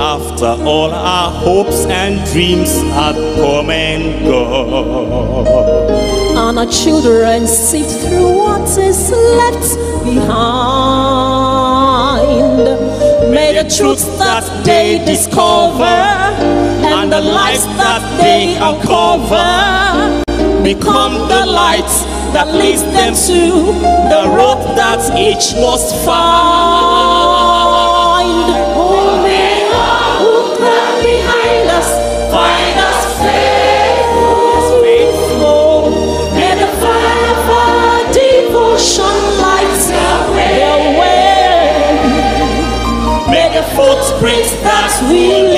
After all our hopes and dreams have come and gone, and our children sift through what is the truths that they discover and the lights that they uncover become the lights that leads them to the road that each must find. prince that we live.